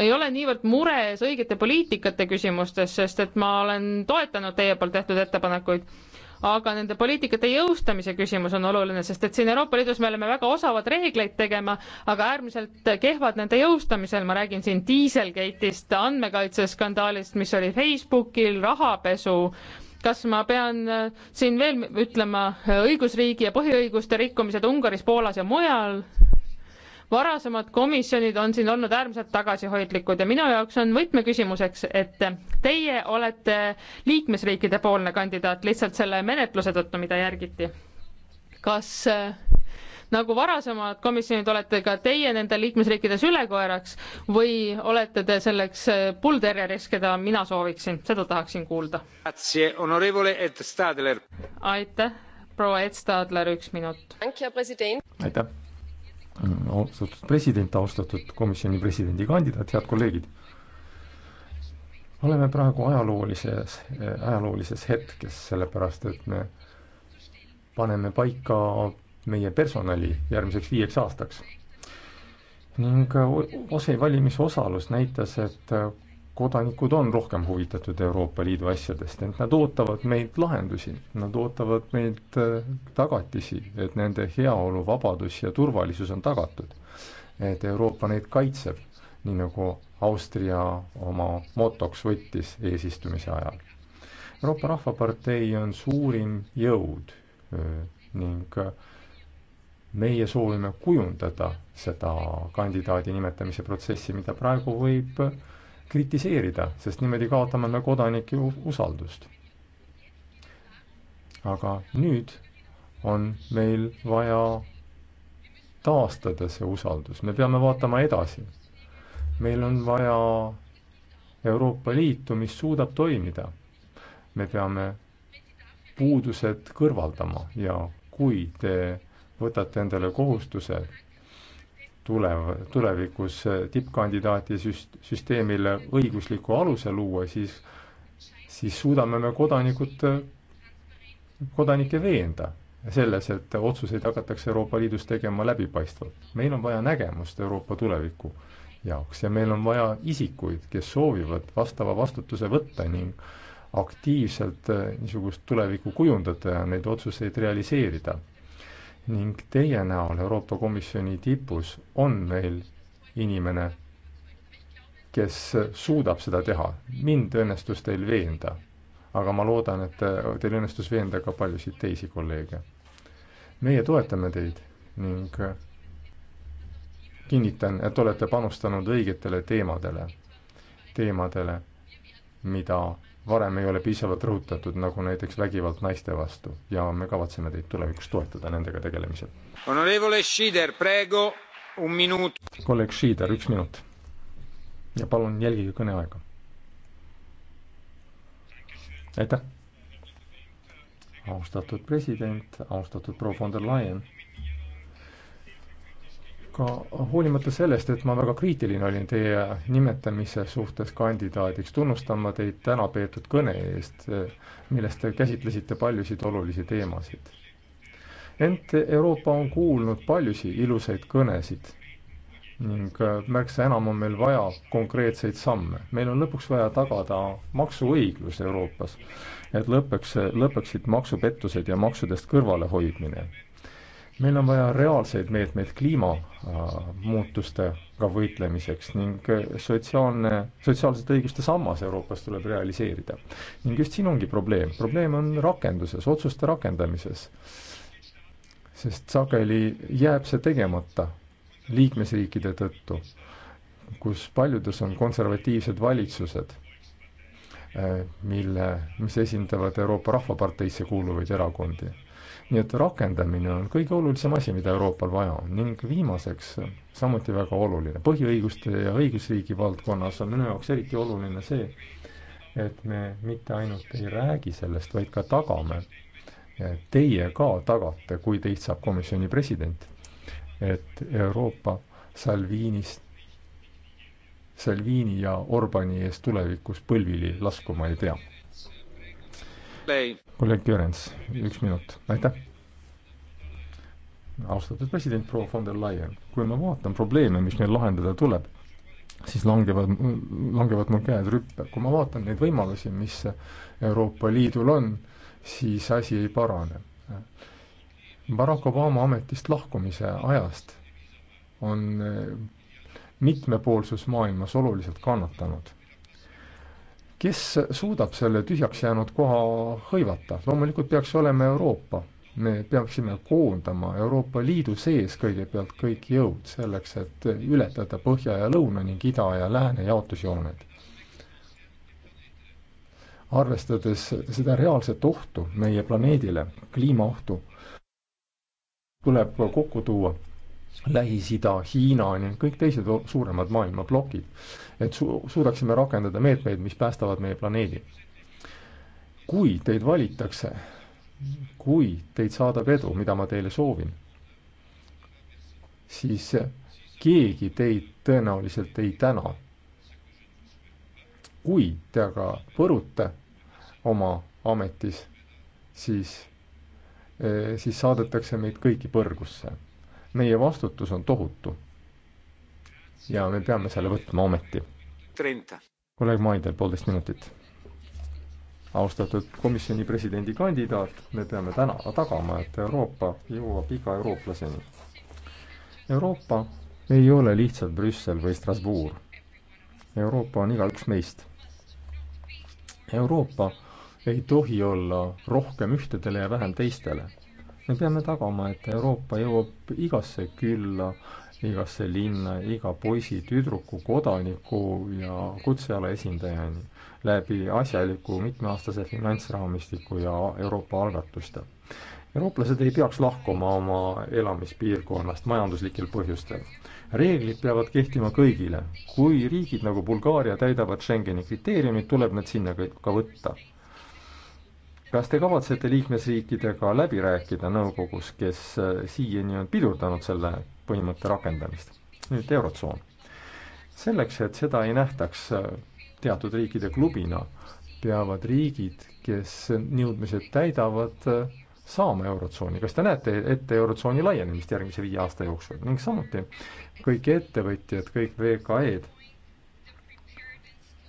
ei ole niivõrd mures õigete poliitikate küsimustes, sest et ma olen toetanud teie poolt tehtud ettepanekuid, aga nende poliitikate jõustamise küsimus on oluline, sest et siin Euroopa Liidus me oleme väga osavad reegleid tegema, aga äärmiselt kehvad nende jõustamisel, ma räägin siin Dieselgate'ist, andmekaitseskandaalist, mis oli Facebookil, rahapesu, kas ma pean äh, siin veel ütlema õigusriigi ja põhiõiguste rikkumised Ungaris, Poolas ja mujal, varasemad komisjonid on siin olnud äärmiselt tagasihoidlikud ja minu jaoks on võtmeküsimuseks, et teie olete liikmesriikide poolne kandidaat lihtsalt selle menetluse tõttu, mida järgiti. kas äh, nagu varasemad komisjonid olete ka teie nende liikmesriikide sülekoeraks või olete te selleks bullterroriks, äh, keda mina sooviksin, seda tahaksin kuulda. aitäh, proua Edstadler, üks minut. aitäh austatud president, austatud komisjoni presidendikandidaat, head kolleegid. oleme praegu ajaloolises, ajaloolises hetkes, sellepärast et me paneme paika meie personali järgmiseks viieks aastaks ning osi valimisosalus näitas, et kodanikud on rohkem huvitatud Euroopa Liidu asjadest, et nad ootavad meilt lahendusi, nad ootavad meilt äh, tagatisi, et nende heaolu, vabadus ja turvalisus on tagatud. et Euroopa neid kaitseb, nii nagu Austria oma motoks võttis eesistumise ajal. Euroopa Rahvapartei on suurim jõud äh, ning äh, meie soovime kujundada seda kandidaadi nimetamise protsessi, mida praegu võib kritiseerida, sest niimoodi kaotame me kodanike usaldust. aga nüüd on meil vaja taastada see usaldus, me peame vaatama edasi. meil on vaja Euroopa Liitu, mis suudab toimida. me peame puudused kõrvaldama ja kui te võtate endale kohustuse tulev, tulevikus äh, tippkandidaati süst-, süsteemile õigusliku aluse luua, siis, siis suudame me kodanikud, äh, kodanikke veenda selles, et otsuseid hakatakse Euroopa Liidus tegema läbipaistvalt. meil on vaja nägemust Euroopa tuleviku jaoks ja meil on vaja isikuid, kes soovivad vastava vastutuse võtta ning aktiivselt äh, niisugust tulevikku kujundada ja neid otsuseid realiseerida ning teie näol Euroopa Komisjoni tipus on meil inimene, kes suudab seda teha. mind õnnestus teil veenda, aga ma loodan, et teil õnnestus veenda ka paljusid teisi kolleege. meie toetame teid ning kinnitan, et olete panustanud õigetele teemadele, teemadele, mida varem ei ole piisavalt rõhutatud, nagu näiteks vägivald naiste vastu ja me kavatseme teid tulevikus toetada nendega tegelemisel. kolleeg Schieder, üks minut. ja palun jälgige kõneaega. aitäh. austatud president, austatud proua von der Leyen aga hoolimata sellest, et ma väga kriitiline olin teie nimetamise suhtes kandidaadiks, tunnustan ma teid täna peetud kõne eest, milles te käsitlesite paljusid olulisi teemasid. ent Euroopa on kuulnud paljusid ilusaid kõnesid ning märksa enam on meil vaja konkreetseid samme. meil on lõpuks vaja tagada maksuõiglus Euroopas, et lõpeks, lõpeksid maksupettused ja maksudest kõrvalehoidmine meil on vaja reaalseid meetmeid kliimamuutustega võitlemiseks ning sotsiaalne, sotsiaalsete õiguste sammas Euroopas tuleb realiseerida. ning just siin ongi probleem, probleem on rakenduses, otsuste rakendamises. sest sageli jääb see tegemata liikmesriikide tõttu, kus paljudes on konservatiivsed valitsused, eh, mille, mis esindavad Euroopa Rahvaparteisse kuuluvaid erakondi nii et rakendamine on kõige olulisem asi, mida Euroopal vaja on ning viimaseks, samuti väga oluline, põhiõiguste ja õigusriigi valdkonnas on minu jaoks eriti oluline see, et me mitte ainult ei räägi sellest, vaid ka tagame. Teie ka tagate, kui teist saab komisjoni president, et Euroopa Salviinist, Salviini ja Orbani ees tulevikus põlvili laskuma ei pea kolleeg Jürens, üks minut, aitäh. austatud president proua von der Leyen, kui ma vaatan probleeme, mis meil lahendada tuleb, siis langevad, langevad mul käed rüppe. kui ma vaatan neid võimalusi, mis Euroopa Liidul on, siis asi ei parane. Barack Obama ametist lahkumise ajast on mitmepoolsus maailmas oluliselt kannatanud kes suudab selle tühjaks jäänud koha hõivata? loomulikult peaks olema Euroopa. me peaksime koondama Euroopa Liidu sees kõigepealt kõik jõud selleks, et ületada põhja ja lõuna ning ida ja lääne jaotusjooned. arvestades seda reaalset ohtu meie planeedile, kliimaohtu, tuleb kokku tuua Lähis-Ida, Hiina on ju, kõik teised suuremad maailmaplokid. et su-, suudaksime rakendada meetmeid, mis päästavad meie planeedi. kui teid valitakse, kui teid saadab edu, mida ma teile soovin, siis keegi teid tõenäoliselt ei täna. kui te aga põrute oma ametis, siis, eh, siis saadetakse meid kõiki põrgusse meie vastutus on tohutu. ja me peame selle võtma ometi. kolleeg Maidel, poolteist minutit. austatud komisjoni presidendi kandidaat, me peame täna tagama, et Euroopa jõuab iga eurooplaseni. Euroopa ei ole lihtsalt Brüssel või Strasbourg. Euroopa on igaüks meist. Euroopa ei tohi olla rohkem ühtedele ja vähem teistele me peame tagama, et Euroopa jõuab igasse külla, igasse linna, iga poisi, tüdruku, kodaniku ja kutseala esindajani läbi asjaliku mitmeaastase finantsraamistiku ja Euroopa algatuste. eurooplased ei peaks lahkuma oma elamispiirkonnast majanduslikel põhjustel. reeglid peavad kehtima kõigile. kui riigid nagu Bulgaaria täidavad Schengeni kriteeriumid, tuleb nad sinna ka võtta kas te kavatsete liikmesriikidega läbi rääkida nõukogus, kes äh, siiani on pidurdanud selle põhimõtte rakendamist? nüüd Eurotsoon. selleks, et seda ei nähtaks äh, teatud riikide klubina, peavad riigid, kes nõudmised täidavad, äh, saama Eurotsooni. kas te näete ette Eurotsooni laienemist järgmise viie aasta jooksul ning samuti kõik ettevõtjad, kõik VKE-d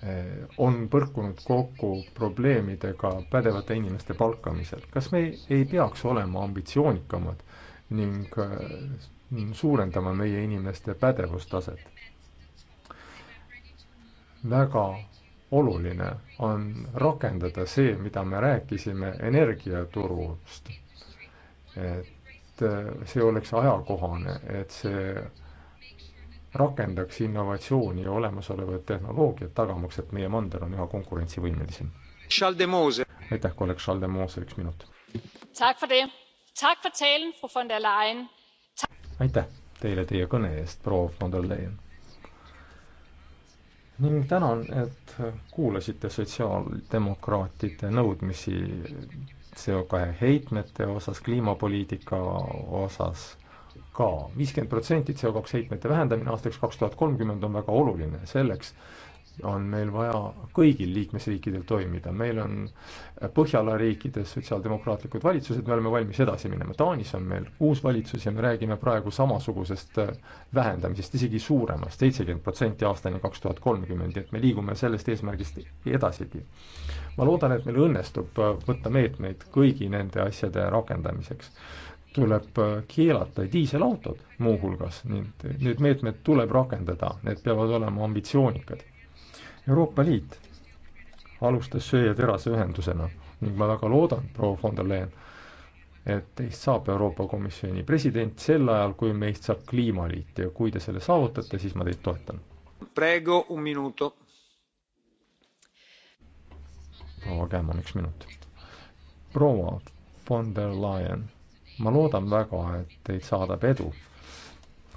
Eh, on põrkunud kokku probleemidega pädevate inimeste palkamisel. kas me ei peaks olema ambitsioonikamad eh, ning suurendama meie inimeste pädevustaset? väga oluline on rakendada see, mida me rääkisime energiaturust. et eh, see oleks ajakohane, et see rakendaks innovatsiooni ja olemasolevat tehnoloogiat, tagamaks, et meie mandel on üha konkurentsivõimelisem. aitäh, kolleeg Schaldemose, üks minut. aitäh teile teie kõne eest, proua von der Leyen. ning tänan, et kuulasite sotsiaaldemokraatide nõudmisi CO2 heitmete osas, kliimapoliitika osas ka. viiskümmend protsenti CO2 heitmete vähendamine aastaks kaks tuhat kolmkümmend on väga oluline, selleks on meil vaja kõigil liikmesriikidel toimida, meil on Põhjala riikides sotsiaaldemokraatlikud valitsused, me oleme valmis edasi minema, Taanis on meil uus valitsus ja me räägime praegu samasugusest vähendamisest, isegi suuremast, seitsekümmend protsenti aastani kaks tuhat kolmkümmend, nii et me liigume sellest eesmärgist edasigi. ma loodan, et meil õnnestub võtta meetmeid kõigi nende asjade rakendamiseks tuleb äh, keelata diiselautod muuhulgas, need, need meetmed tuleb rakendada, need peavad olema ambitsioonikad. Euroopa Liit alustas söe- ja teraseühendusena ning ma väga loodan, proua von der Leyen, et teist saab Euroopa Komisjoni president sel ajal, kui meist saab kliimaliit ja kui te selle saavutate, siis ma teid toetan. Prego un minuto. proua Kämm on üks minut. proua von der Leyen ma loodan väga, et teid saadab edu,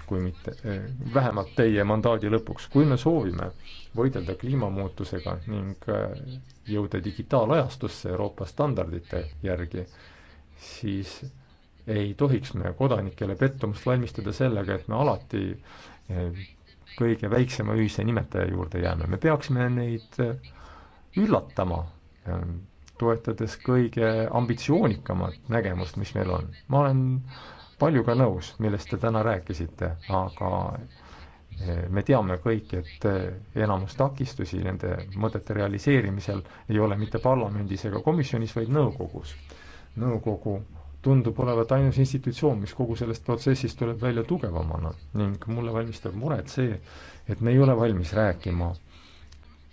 kui mitte, eh, vähemalt teie mandaadi lõpuks. kui me soovime võidelda kliimamuutusega ning eh, jõuda digitaalajastusse Euroopa standardite järgi, siis ei tohiks me kodanikele pettumust valmistada sellega, et me alati eh, kõige väiksema ühise nimetaja juurde jääme, me peaksime neid üllatama toetades kõige ambitsioonikamat nägemust, mis meil on. ma olen paljuga nõus, millest te täna rääkisite, aga eh, me teame kõik, et eh, enamus takistusi nende mõtete realiseerimisel ei ole mitte parlamendis ega komisjonis, vaid nõukogus. nõukogu tundub olevat ainus institutsioon, mis kogu sellest protsessist tuleb välja tugevamana ning mulle valmistab muret see, et me ei ole valmis rääkima äh,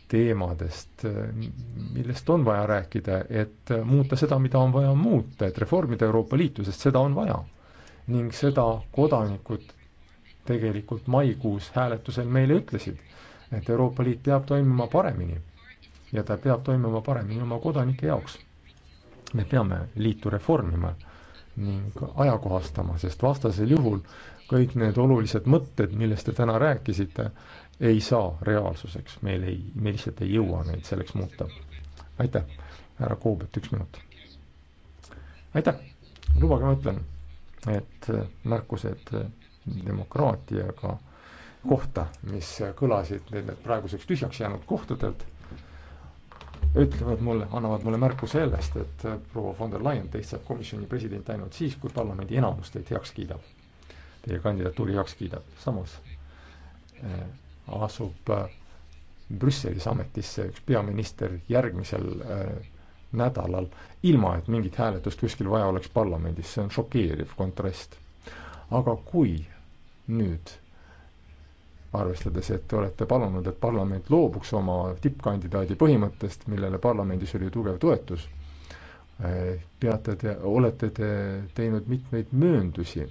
teemadest, millest on vaja rääkida, et muuta seda, mida on vaja muuta, et reformida Euroopa Liitu, sest seda on vaja. ning seda kodanikud tegelikult maikuus hääletusel meile ütlesid, et Euroopa Liit peab toimima paremini ja ta peab toimima paremini oma kodanike jaoks. me peame liitu reformima ning ajakohastama, sest vastasel juhul kõik need olulised mõtted, millest te täna rääkisite, ei saa reaalsuseks, meil ei, me lihtsalt ei jõua neid selleks muuta. aitäh, härra Koobet, üks minut. aitäh, lubage ma ütlen, et äh, märkused äh, demokraatiaga kohta, mis kõlasid nendelt praeguseks tühjaks jäänud kohtadelt, ütlevad mulle, annavad mulle märku sellest, et äh, proua von der Leyen teist saab komisjoni president ainult siis, kui parlamendi enamus teid heaks kiidab. Teie kandidatuuri heaks kiidab, samas asub äh, Brüsselis ametisse üks peaminister järgmisel äh, nädalal, ilma et mingit hääletust kuskil vaja oleks parlamendis, see on šokeeriv kontrast. aga kui nüüd, arvestades, et te olete palunud, et parlament loobuks oma tippkandidaadi põhimõttest, millele parlamendis oli tugev toetus, äh, peate te, olete te teinud mitmeid mööndusi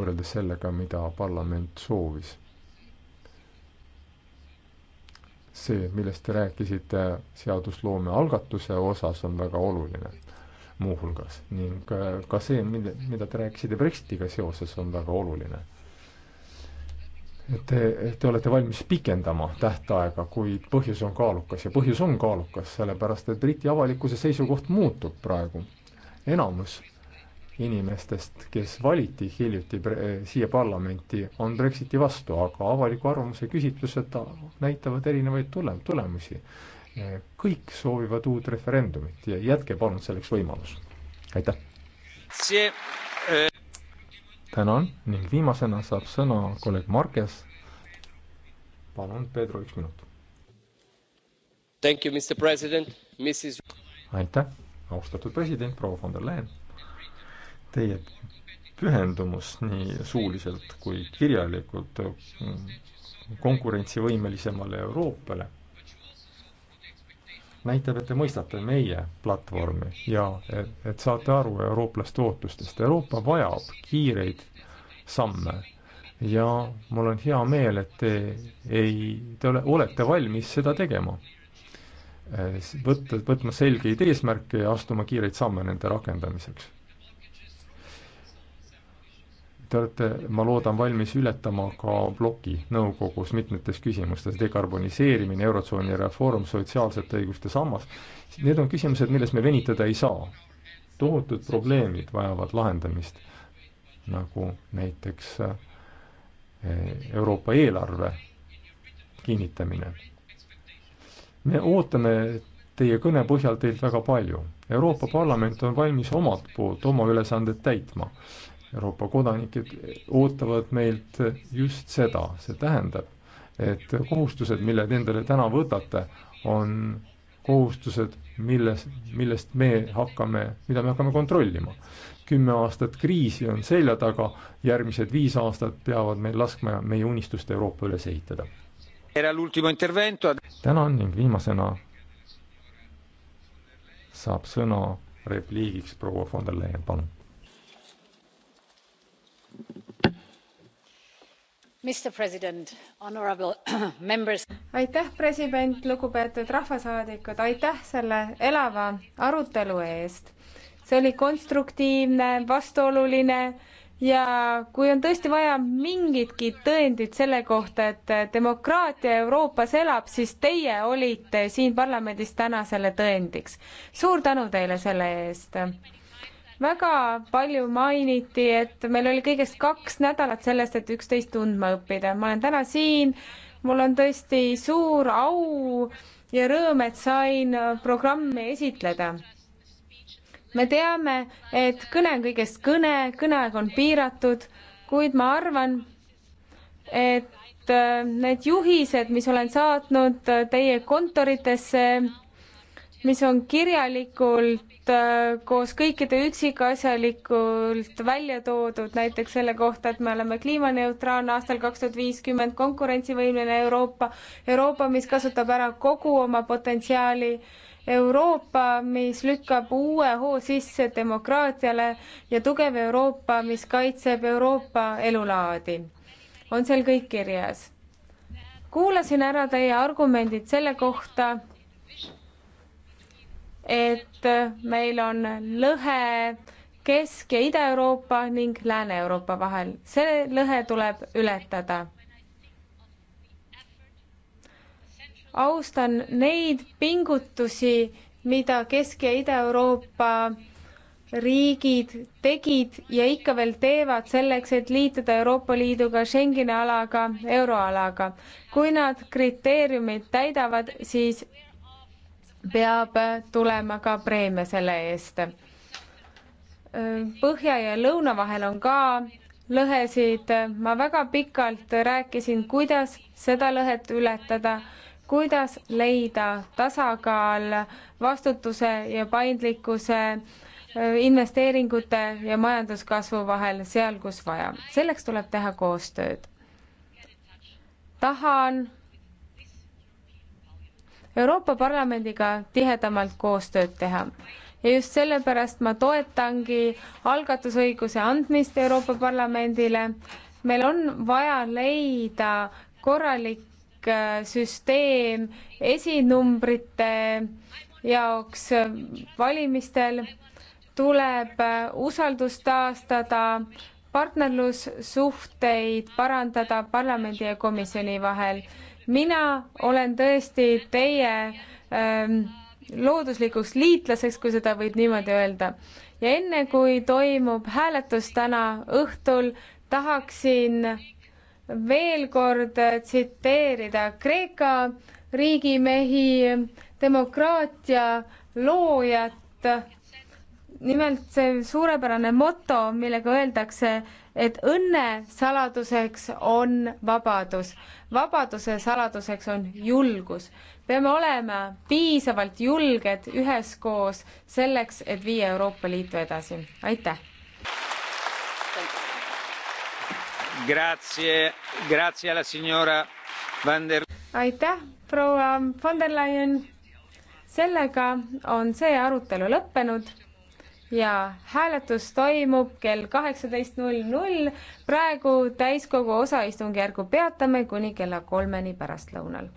võrreldes sellega, mida parlament soovis see, millest te rääkisite seadusloome algatuse osas, on väga oluline muuhulgas ning äh, ka see, mille, mida te rääkisite Brexitiga seoses, on väga oluline. et te, te olete valmis pikendama tähtaega, kuid põhjus on kaalukas ja põhjus on kaalukas, sellepärast et Briti avalikkuse seisukoht muutub praegu. enamus inimestest, kes valiti hiljuti siia parlamenti, on Brexiti vastu, aga avaliku arvamuse küsitlused näitavad erinevaid tulem-, tulemusi. kõik soovivad uut referendumit ja jätke palun selleks võimalus. aitäh! Äh, tänan ning viimasena saab sõna kolleeg Markes. palun, Pedro, üks minut. aitäh, austatud president, proua von der Leyen teie pühendumus nii suuliselt kui kirjalikult konkurentsivõimelisemale Euroopale näitab, et te mõistate meie platvormi ja et, et saate aru eurooplaste ootustest. Euroopa vajab kiireid samme ja mul on hea meel, et te ei, te ole, olete valmis seda tegema. võtta, võtma selgeid eesmärke ja astuma kiireid samme nende rakendamiseks Te olete, ma loodan, valmis ületama ka ploki nõukogus mitmetes küsimustes, dekarboniseerimine, Eurotsooni reform, sotsiaalsete õiguste sammas, need on küsimused, milles me venitada ei saa. tohutud probleemid vajavad lahendamist, nagu näiteks eh, Euroopa eelarve kinnitamine. me ootame teie kõne põhjal teilt väga palju. Euroopa Parlament on valmis omalt poolt oma ülesanded täitma Euroopa kodanikud ootavad meilt just seda, see tähendab, et kohustused, mille te endale täna võtate, on kohustused, milles, millest me hakkame, mida me hakkame kontrollima. kümme aastat kriisi on selja taga, järgmised viis aastat peavad meil laskma meie unistuste Euroopa üles ehitada. tänan ning viimasena saab sõna repliigiks proua von der Leyen, palun *clears throat* aitäh president lugupeetud rahvasaadikud aitäh selle elava arutelu eest see oli konstruktiivne vastuoluline ja kui on tõesti vaja mingitki tõendit selle kohta et demokraatia euroopas elab siis teie olite siin parlamendis täna selle tõendiks suur tänu teile selle eest väga palju mainiti, et meil oli kõigest kaks nädalat sellest, et üksteist tundma õppida. ma olen täna siin, mul on tõesti suur au ja rõõm, et sain programmi esitleda. me teame, et kõne on kõigest kõne, kõneaeg on piiratud, kuid ma arvan, et äh, need juhised, mis olen saatnud äh, teie kontoritesse, mis on kirjalikult äh, koos kõikide üksikasjalikult välja toodud, näiteks selle kohta, et me oleme kliimaneutraalne aastal kaks tuhat viiskümmend, konkurentsivõimeline Euroopa, Euroopa, mis kasutab ära kogu oma potentsiaali, Euroopa, mis lükkab uue hoo sisse demokraatiale ja tugev Euroopa, mis kaitseb Euroopa elulaadi. on seal kõik kirjas? kuulasin ära teie argumendid selle kohta, et meil on lõhe Kesk- ja Ida-Euroopa ning Lääne-Euroopa vahel. see lõhe tuleb ületada. austan neid pingutusi, mida Kesk- ja Ida-Euroopa riigid tegid ja ikka veel teevad selleks, et liituda Euroopa Liiduga, Schengeni alaga, euroalaga. kui nad kriteeriumid täidavad, siis peab tulema ka preemia selle eest. Põhja ja lõuna vahel on ka lõhesid, ma väga pikalt rääkisin, kuidas seda lõhet ületada, kuidas leida tasakaal vastutuse ja paindlikkuse äh, investeeringute ja majanduskasvu vahel seal, kus vaja. selleks tuleb teha koostööd. tahan Euroopa Parlamendiga tihedamalt koostööd teha. ja just sellepärast ma toetangi algatusõiguse andmist Euroopa Parlamendile. meil on vaja leida korralik äh, süsteem esinumbrite jaoks äh, valimistel, tuleb äh, usaldust taastada, partnerlussuhteid parandada parlamendi ja komisjoni vahel mina olen tõesti teie ähm, looduslikuks liitlaseks, kui seda võib niimoodi öelda. ja enne, kui toimub hääletus täna õhtul, tahaksin veel kord tsiteerida Kreeka riigimehi, demokraatia loojat, nimelt see suurepärane moto, millega öeldakse, et õnne saladuseks on vabadus, vabaduse saladuseks on julgus. peame olema piisavalt julged üheskoos selleks, et viia Euroopa Liitu edasi. aitäh! Grazie, grazie alla signora van der. aitäh, proua von der Leyen. sellega on see arutelu lõppenud ja hääletus toimub kell kaheksateist null null. praegu täiskogu osaistungjärgu peatame kuni kella kolmeni pärastlõunal.